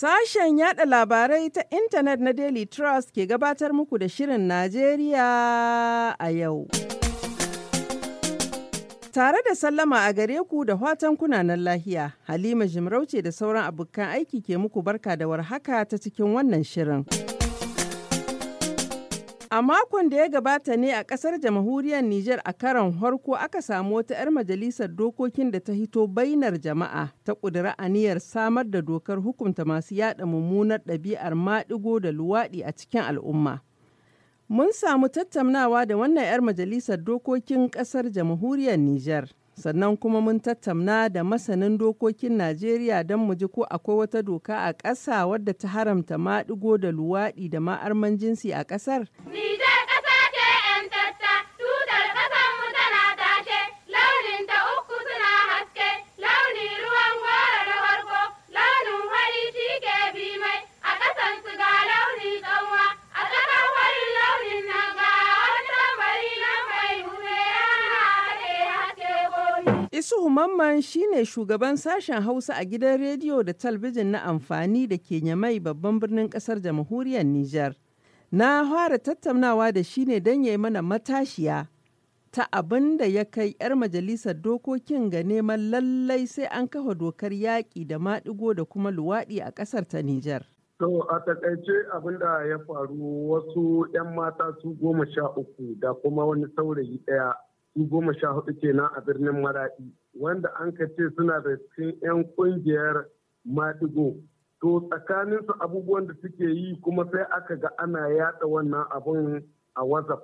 Sashen yada labarai ta intanet na Daily Trust ke gabatar muku da Shirin Najeriya a yau. Tare da sallama a gare ku da watan kunanan lahiya, Halima Jimarauce da sauran abokan aiki ke muku barka da warhaka ta cikin wannan shirin. A makon da ya gabata ne a kasar jamhuriyar Nijar a karon harko aka samu wata 'yar majalisar dokokin da ta hito bainar jama'a ta ƙudura aniyar samar da dokar hukunta masu yada mummunar ɗabi'ar maɗigo da luwaɗi a cikin al'umma. Mun samu tattaunawa da wannan 'yar majalisar dokokin ƙasar jamhuriyar Nijar. sannan kuma mun tattauna da masanin dokokin Najeriya don mu ji ko akwai wata doka a ƙasa wadda ta haramta maɗigo da luwaɗi da ma'arman jinsi a ƙasar. Mamman shine shugaban sashen Hausa a gidan rediyo da talbijin na amfani da ke Nyamai babban birnin kasar jamhuriyar Nijar. Na fara tattaunawa da shi ne don ya mana matashiya ta abin da ya kai 'yar majalisar dokokin ga neman lallai sai an kafa dokar yaƙi da maɗigo da kuma luwaɗi a ƙasar ta Nijar. To a taƙaice abin da ya faru wasu 'yan mata su goma sha uku da kuma wani saurayi ɗaya su goma sha hudu kenan a birnin maraɗi wanda an ka ce suna da cikin 'yan kungiyar madigo to tsakaninsu abubuwan da suke yi kuma sai aka ga ana yada wannan abun a whatsapp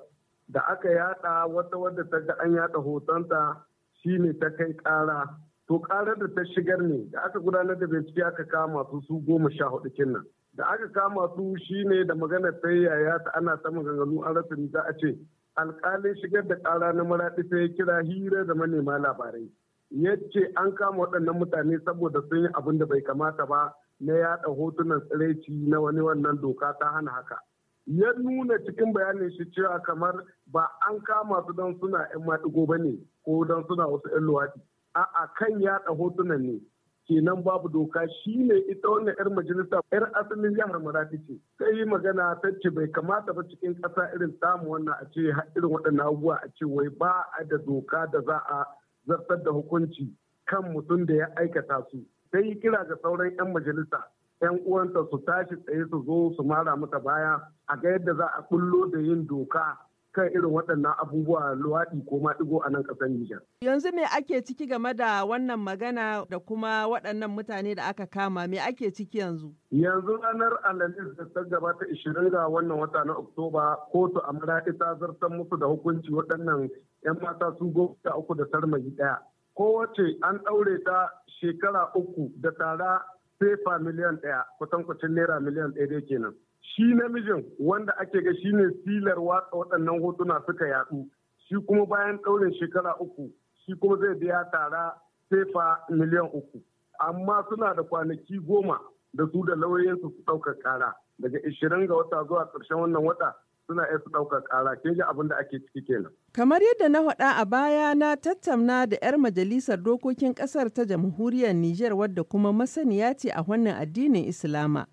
da aka yada wata wadda ta ga an yada hotonta shine ta kai kara to karar da ta shigar ne da aka gudanar da bincike aka kama su su goma sha hudu kenan. da aka kama su shine da magana ta yaya ta ana ta maganganu an rasa za a ce alkalin shigar da ƙara na maraɗi sai ya kira hira da manema labarai ya ce an kama waɗannan mutane saboda sun yi abin da bai kamata ba na yaɗa hotunan tsiraici na wani wannan doka ta hana haka ya nuna cikin bayanin shi cewa kamar ba an kama su don suna 'yan maɗigo ba ne ko don suna wasu 'yan luwaɗi a'a kan yaɗa hotunan ne kenan babu doka shi ne ita wannan 'yar majalisa 'yar asalin jihar maradi ce ta yi magana ta ce bai kamata ba cikin ƙasa irin tamu wannan a ce irin waɗannan abubuwa a ce wai ba a da doka da za a zartar da hukunci kan mutum da ya aikata su ta yi kira ga sauran 'yan majalisa 'yan uwanta su tashi tsaye su zo su mara mata baya a ga yadda za a kullo da yin doka kan irin waɗannan abubuwa luwaɗi ko ma ɗigo a nan ƙasar Nijar. Yanzu me ake ciki game da wannan magana da kuma waɗannan mutane da aka kama me ake ciki yanzu? Yanzu ranar Alhamis da ta gabata ishirin ga wannan wata na Oktoba kotu a Maraɗi ta zartar musu da hukunci waɗannan 'yan mata su goma uku da sarmagi ɗaya. Kowace an ɗaure ta shekara uku da tara sefa miliyan ɗaya kwatankwacin naira miliyan ɗaya dai kenan. shi namijin wanda ake ga shi ne silar watsa waɗannan hotuna suka yaɗu shi kuma bayan ɗaurin shekara uku shi kuma zai biya tara sefa miliyan uku amma suna da kwanaki goma da su da lauyoyinsu su ɗaukar ƙara daga ishirin ga wata zuwa ƙarshen wannan wata suna iya su ɗaukar ƙara kin ji abin da ake ciki kenan. Kamar yadda na faɗa a baya na tattauna da 'yar majalisar dokokin ƙasar ta jamhuriyar Nijar wadda kuma masaniya ce a wannan addinin Islama.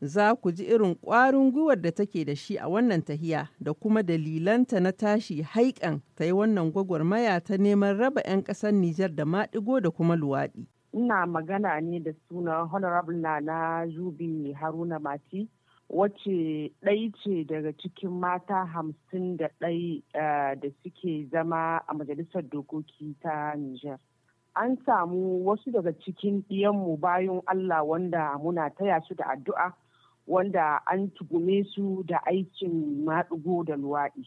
za ku ji irin ƙwarin gwiwar da take da shi a wannan tahiya da kuma dalilanta na tashi haikan ta yi wannan gwagwarmaya ta neman raba 'yan ƙasar Nijar da maɗigo da kuma luwaɗi. Ina magana ne da suna Honorable Nana Zubi Haruna Mati, wacce ɗai ce daga cikin mata hamsin da ɗai eh, da suke zama a Majalisar Dokoki ta Nijar. An samu wasu daga cikin ɗiyanmu bayan Allah wanda muna taya su da addu'a. wanda an tukume su da aikin maɗigo da luwaɗi.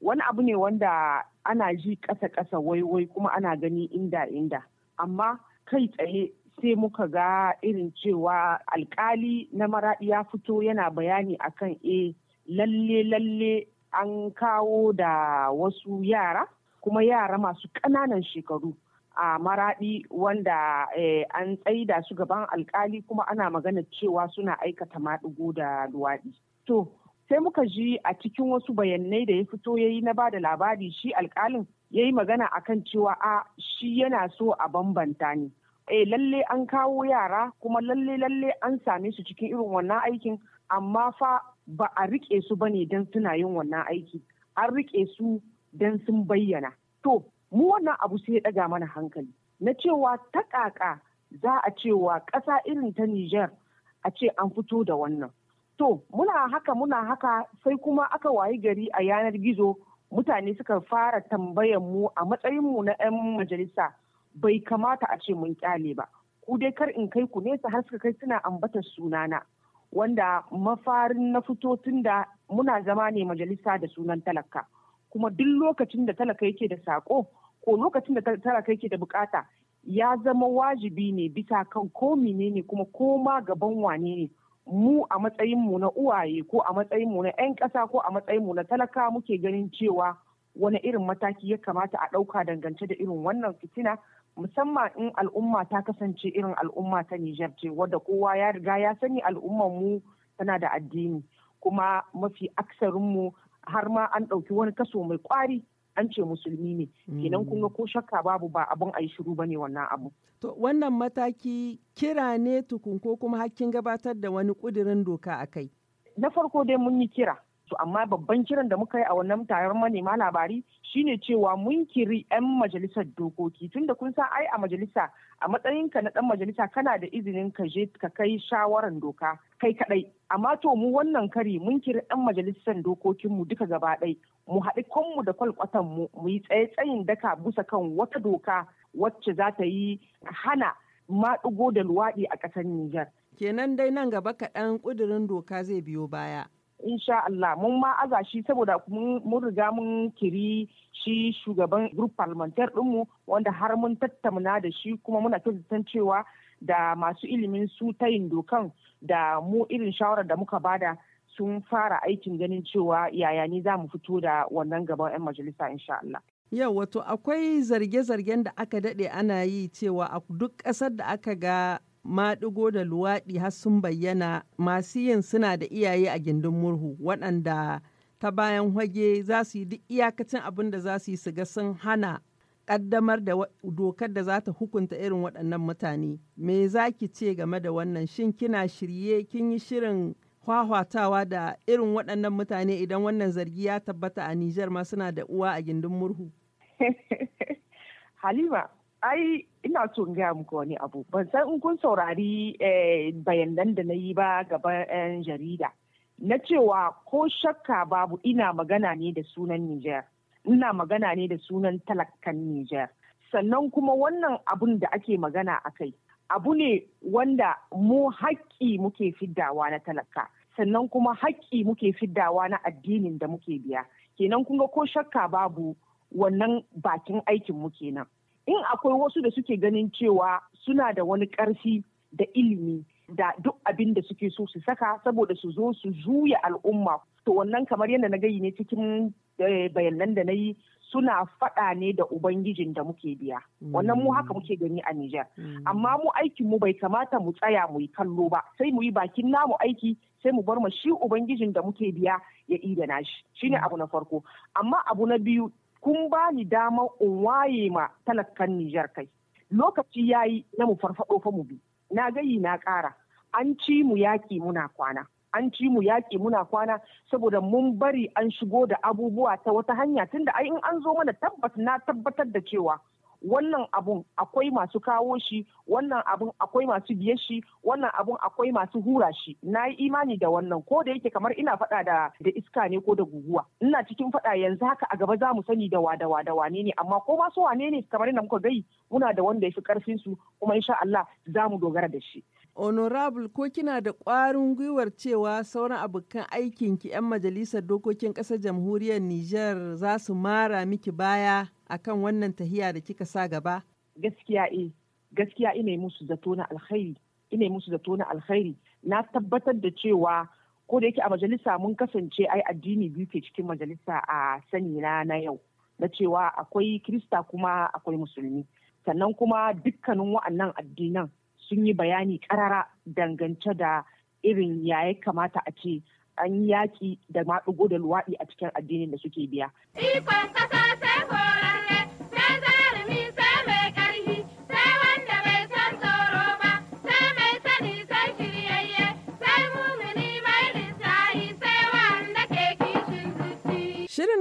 Wani abu ne wanda ana ji ƙasa-ƙasa waiwai kuma ana gani inda-inda. Amma kai tsaye sai muka ga irin cewa alkali na maraɗi ya fito yana bayani akan eh, e lalle-lalle an kawo da wasu yara kuma yara masu ƙananan shekaru a maradi wanda eh, an tsaida su gaban alkali kuma ana magana cewa suna aikata maɗigo da luwaɗi. To, sai muka ji a cikin wasu bayanai da ya fito ya yi na ba da labari shi alkalin ya yi magana kan cewa a shi yana so a bambanta ne. E eh, lalle an kawo yara kuma lalle lalle an same su cikin irin wannan aikin amma fa ba a rike su ba ne don suna yin wannan aiki. An rike su don sun bayyana. To mu wannan abu sai ya ɗaga mana hankali na cewa ta ƙaƙa za a cewa ƙasa irin ta Nijar a ce an fito da wannan. To muna haka muna haka sai kuma aka wayi gari a yanar gizo mutane suka fara tambayan mu a matsayin mu na 'yan majalisa bai kamata a ce mun kyale ba. Ku dai kar in kai ku nesa har suka kai suna ambatar sunana wanda mafarin na fito tun da muna zama ne majalisa da sunan talaka. Kuma duk lokacin da talaka yake da sako. ko lokacin da tara kai ke da bukata ya zama wajibi ne bisa kan ko menene kuma koma ma gaban wane ne mu a matsayin mu na uwaye ko a matsayin mu na 'yan ƙasa ko a matsayin mu na talaka muke ganin cewa wani irin mataki ya kamata a ɗauka dangance da irin wannan fitina musamman in al'umma ta kasance irin al'umma ta Nijar ce wadda kowa ya riga ya sani al'ummar mu tana da addini kuma mafi aksarin mu har ma an ɗauki wani kaso mai kwari an ce musulmi ne idan kun ga ko shakka babu ba abun ayi shiru bane wannan abu to wannan mataki kira ne tukun ko kuma hakkin gabatar da wani kudirin doka akai na farko dai mun yi kira To amma babban kiran da muka yi a wannan taron manema labari shine cewa mun kiri 'yan majalisar dokoki tunda kun san ai a majalisa a matsayinka na dan majalisa kana da izinin ka je ka kai shawaran doka kai kadai amma to mu wannan kari mun kiri 'yan majalisar dokokinmu duka gaba ɗai mu haɗi kanmu da kwalkwatan mu mu yi tsaye-tsayin daka busa kan wata doka wacce za ta yi hana maɗigo da luwaɗi a ƙasar Nijar. Kenan dai nan gaba kaɗan ƙudurin doka zai biyo baya. insha Allah mun ma aza shi saboda mun riga mun kiri shi shugaban group parliamentar dinmu wanda har mun tattauna da shi kuma muna kyautatan cewa da masu ilimin su tayin dokan da mu irin shawarar da muka bada sun fara aikin ganin cewa yaya ni za mu fito da wannan gaban 'yan majalisa insha Allah. Yau wato akwai zarge-zargen da aka daɗe ana yi cewa a duk ƙasar da aka ga maɗigo da luwaɗi har sun bayyana masu yin suna da iyaye a gindin murhu waɗanda ta bayan hage za su yi duk iyakacin abin da za su yi su ga sun hana ƙaddamar da dokar da za ta hukunta irin waɗannan mutane me za ki ce game da wannan shin kina shirye kin yi shirin hwahwatawa da irin waɗannan mutane idan wannan zargi ya tabbata a Nijar ma suna da uwa a gindin murhu Halima ai ina so gaya muku wani abu ban san in kun saurari eh, bayanan da na yi ba gaban 'yan jarida na cewa ko shakka babu ina magana ne da sunan Nijar ina magana ne da sunan talakan Nijar sannan kuma wannan abun da ake magana a kai abu ne wanda mu haƙƙi muke fiddawa na talaka sannan kuma haƙƙi muke fiddawa na addinin da muke biya kenan kuma ko shakka babu wannan bakin aikin mu kenan in akwai wasu da suke ganin cewa suna da wani ƙarfi da ilimi da duk abin da suke so su saka saboda su zo su juya al'umma to wannan kamar yadda na gayi ne cikin eh, bayanan da na yi suna faɗa ne da ubangijin da muke biya wannan mu haka muke gani a Nijar mm. amma mu aikin mu bai kamata mu tsaya mu yi kallo ba sai mu yi bakin namu aiki sai mu bar ma shi ubangijin da muke biya ya idana shi shine mm. abu na farko amma abu na biyu kun ba ni damar in waye ma talakan Nijar kai. Lokaci ya yi na mu farfaɗo fa mu bi. Na gayi na ƙara. An ci mu yaƙi muna kwana. An ci mu yaƙi muna kwana saboda mun bari an shigo da abubuwa ta wata hanya tunda ai in an zo mana tabbas na tabbatar da cewa wannan abun akwai masu kawo shi wannan abun akwai masu biye shi wannan abun akwai masu hura shi na yi imani da wannan ko da yake kamar ina fada da da iska ne ko da guguwa ina cikin fada yanzu haka a gaba za mu sani da wada wada wane ne amma ko ma so wane ne kamar ina muka gai muna da wanda ya fi karfin su kuma insha Allah za mu dogara da shi honorable ko kina da ƙwarin gwiwar cewa sauran abokan aikinki 'yan majalisar dokokin ƙasar jamhuriyar niger za su mara miki baya akan wannan tahiya da kika sa gaba? Gaskiya e, gaskiya ina musu zato na alkhairi, ina musu zato na alkhairi. Na tabbatar da cewa ko da yake a majalisa mun kasance ai addini biyu ke cikin majalisa a sani na na yau. Na cewa akwai Kirista kuma akwai Musulmi. Sannan kuma dukkanin wa'annan addinan sun yi bayani karara dangance da irin ya kamata a ce an yaƙi da maɗigo da luwaɗi a cikin addinin da suke biya. Ikon ƙasa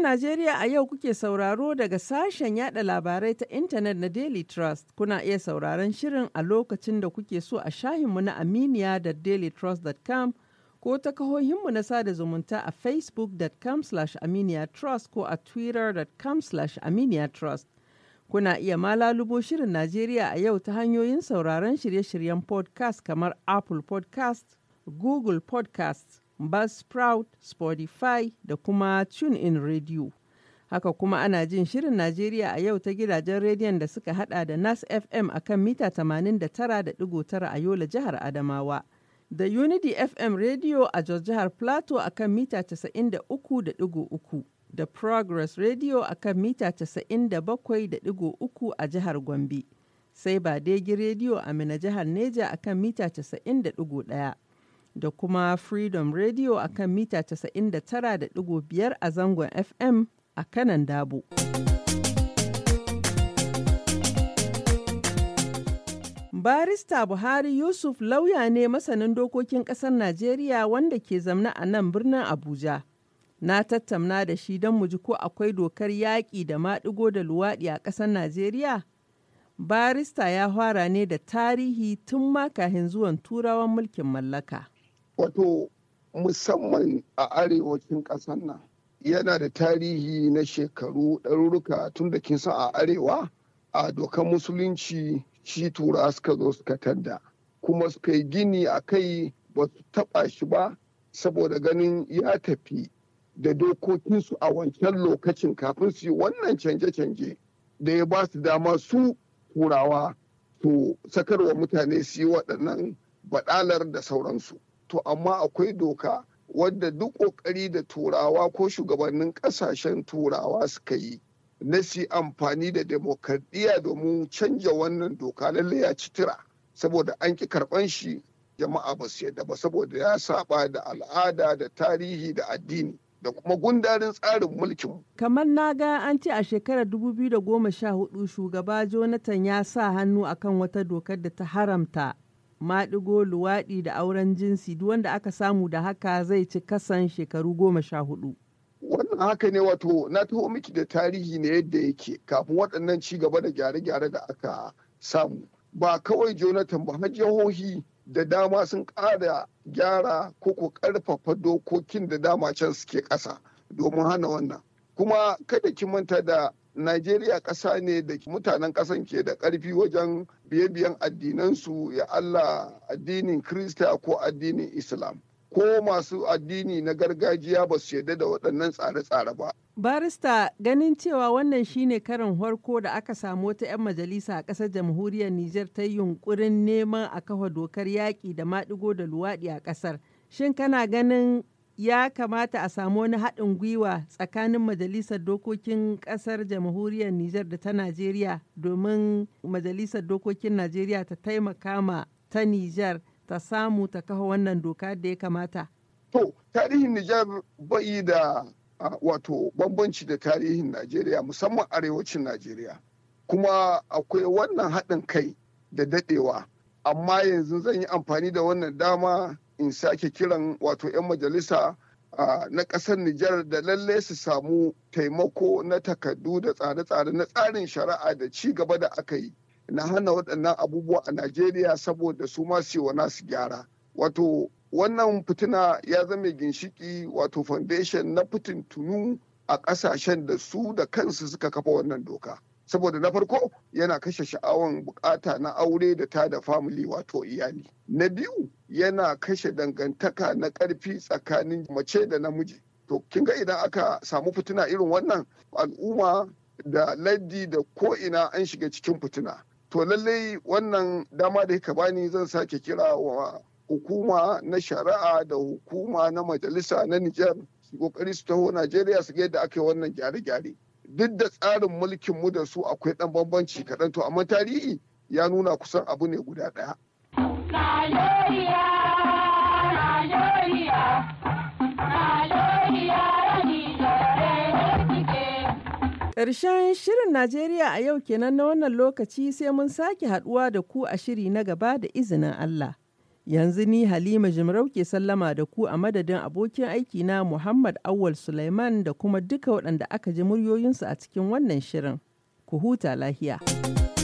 Najeriya a yau kuke sauraro daga sashen yada labarai ta intanet na Daily Trust. Kuna iya sauraron shirin a lokacin da kuke so a shahinmu na Aminiya da dailytrust.com ko ta kahohinmu na sada zumunta a facebook.com aminiyatrust ko a twitter.com aminiyatrust. Kuna iya ma lalubo shirin Najeriya a yau ta hanyoyin sauraron shirye-shiryen podcast kamar Apple podcast, Google podcast. Buzzsprout, Spotify da kuma TuneIn Radio. Haka kuma ana jin Shirin Najeriya a yau ta gidajen rediyon da suka hada da Nas FM a kan mita 89.9 a Yola jihar Adamawa. Da Unity FM Radio a Jos jihar Plateau a kan mita 93.3. Da Progress Radio a kan mita 97.3 a jihar Gombe. Sai ba Badegi rediyo a Mina jihar Neja a kan mita 91. da kuma Freedom Radio a kan mita 99.5 a zangon FM a kanan Dabo. Barista Buhari Yusuf lauya ne masanin dokokin ƙasar Najeriya wanda ke zamna a nan birnin Abuja. Na tattamna da shi don mu ji ko akwai dokar yaƙi da maɗigo da luwaɗi a ƙasar Najeriya? Barista ya fara ne da tarihi tun ma zuwan turawan mulkin mallaka. wato musamman a arewacin ƙasar nan yana da tarihi na shekaru ɗaruruka tun da kin san a arewa a dokar musulunci shi tura suka zo suka tadda kuma suka yi gini a kai ba su taɓa shi ba saboda ganin ya tafi da dokokinsu a wancan lokacin kafin su yi wannan canje-canje da ya ba su dama su turawa to sakarwa mutane su yi waɗannan baɗalar da sauransu. to amma akwai doka wadda duk ƙoƙari da turawa ko shugabannin ƙasashen turawa suka yi na si amfani da demokardiyya domin canja wannan doka lallai ya citira saboda an ki karɓan shi jama'a ba su yadda ba saboda ya saba da al'ada da tarihi da addini da kuma gundarin tsarin mulkin. Kamar na ga an ce a shekarar 2014 shugaba Jonathan ya sa hannu akan wata dokar da ta haramta maɗigo luwaɗi da auren jinsi duk wanda aka samu da haka zai ci kasan shekaru goma sha hudu. wannan haka ne wato na taho miki da tarihi ne yadda yake kafin waɗannan ci gaba da gyare-gyare da aka samu ba kawai jonathan ba har jihohi da dama sun ƙara gyara ko ko ƙarfafa dokokin da dama can suke ƙasa domin hana wannan kuma kada ki manta da Najeriya ƙasa ne da mutanen ƙasan ke da ƙarfi wajen biye-biyen addinansu ya Allah addinin Kirista ko addinin Islam. Ko masu addini na gargajiya ba su yarda da waɗannan tsare-tsare ba. Barista ganin cewa wannan shine karin harko da aka samu wata 'yan majalisa a ƙasar jamhuriyar Nijar ta yunkurin neman a kafa dokar yaƙi da maɗigo da luwaɗi a ƙasar. Shin kana ganin ya kamata a samu wani haɗin gwiwa tsakanin Majalisar Dokokin Ƙasar Jamhuriyar Nijar da ta Najeriya domin Majalisar Dokokin Najeriya ta taimaka ma ta Nijar ta samu ta kafa wannan doka da ya kamata. To, tarihin Nijar bai da wato bambanci da tarihin Najeriya musamman arewacin Najeriya. Kuma akwai wannan haɗin kai da daɗewa. Amma yanzu zan yi amfani da wannan dama in sake kiran wato 'yan majalisa na ƙasar Nijar da lalle su samu taimako na takardu da tsare-tsare na tsarin shari'a da ci gaba da aka yi na hana waɗannan abubuwa a Najeriya saboda su ma su wana su gyara. Wato wannan fitina ya zama ginshiki wato foundation na fitin tunu a ƙasashen da su da kansu suka kafa wannan doka. saboda na farko yana kashe sha'awan bukata na aure da ta da famili wato iyali na biyu yana kashe dangantaka na karfi tsakanin mace da namiji to kin ga idan aka samu fitina irin wannan al'umma da laddi da ko ina an shiga cikin fitina to lallai wannan dama da ka bani zan sake kira wa hukuma na shari'a da hukuma na majalisa na Nijar su kokari su taho Najeriya su ga yadda aka yi wannan gyare-gyare duk da tsarin mulkin mu da su akwai ɗan bambanci kaɗan to amma tarihi ya nuna kusan abu ne guda ɗaya. Ƙarshen shirin Najeriya a yau kenan na wannan lokaci sai mun sake haɗuwa da ku a shiri na gaba da izinin Allah. Yanzu ni Halima Jimarau ke sallama da ku a madadin abokin aiki na Muhammad Awal suleiman da kuma duka waɗanda aka ji muryoyinsu a cikin wannan shirin. Ku huta lahiya.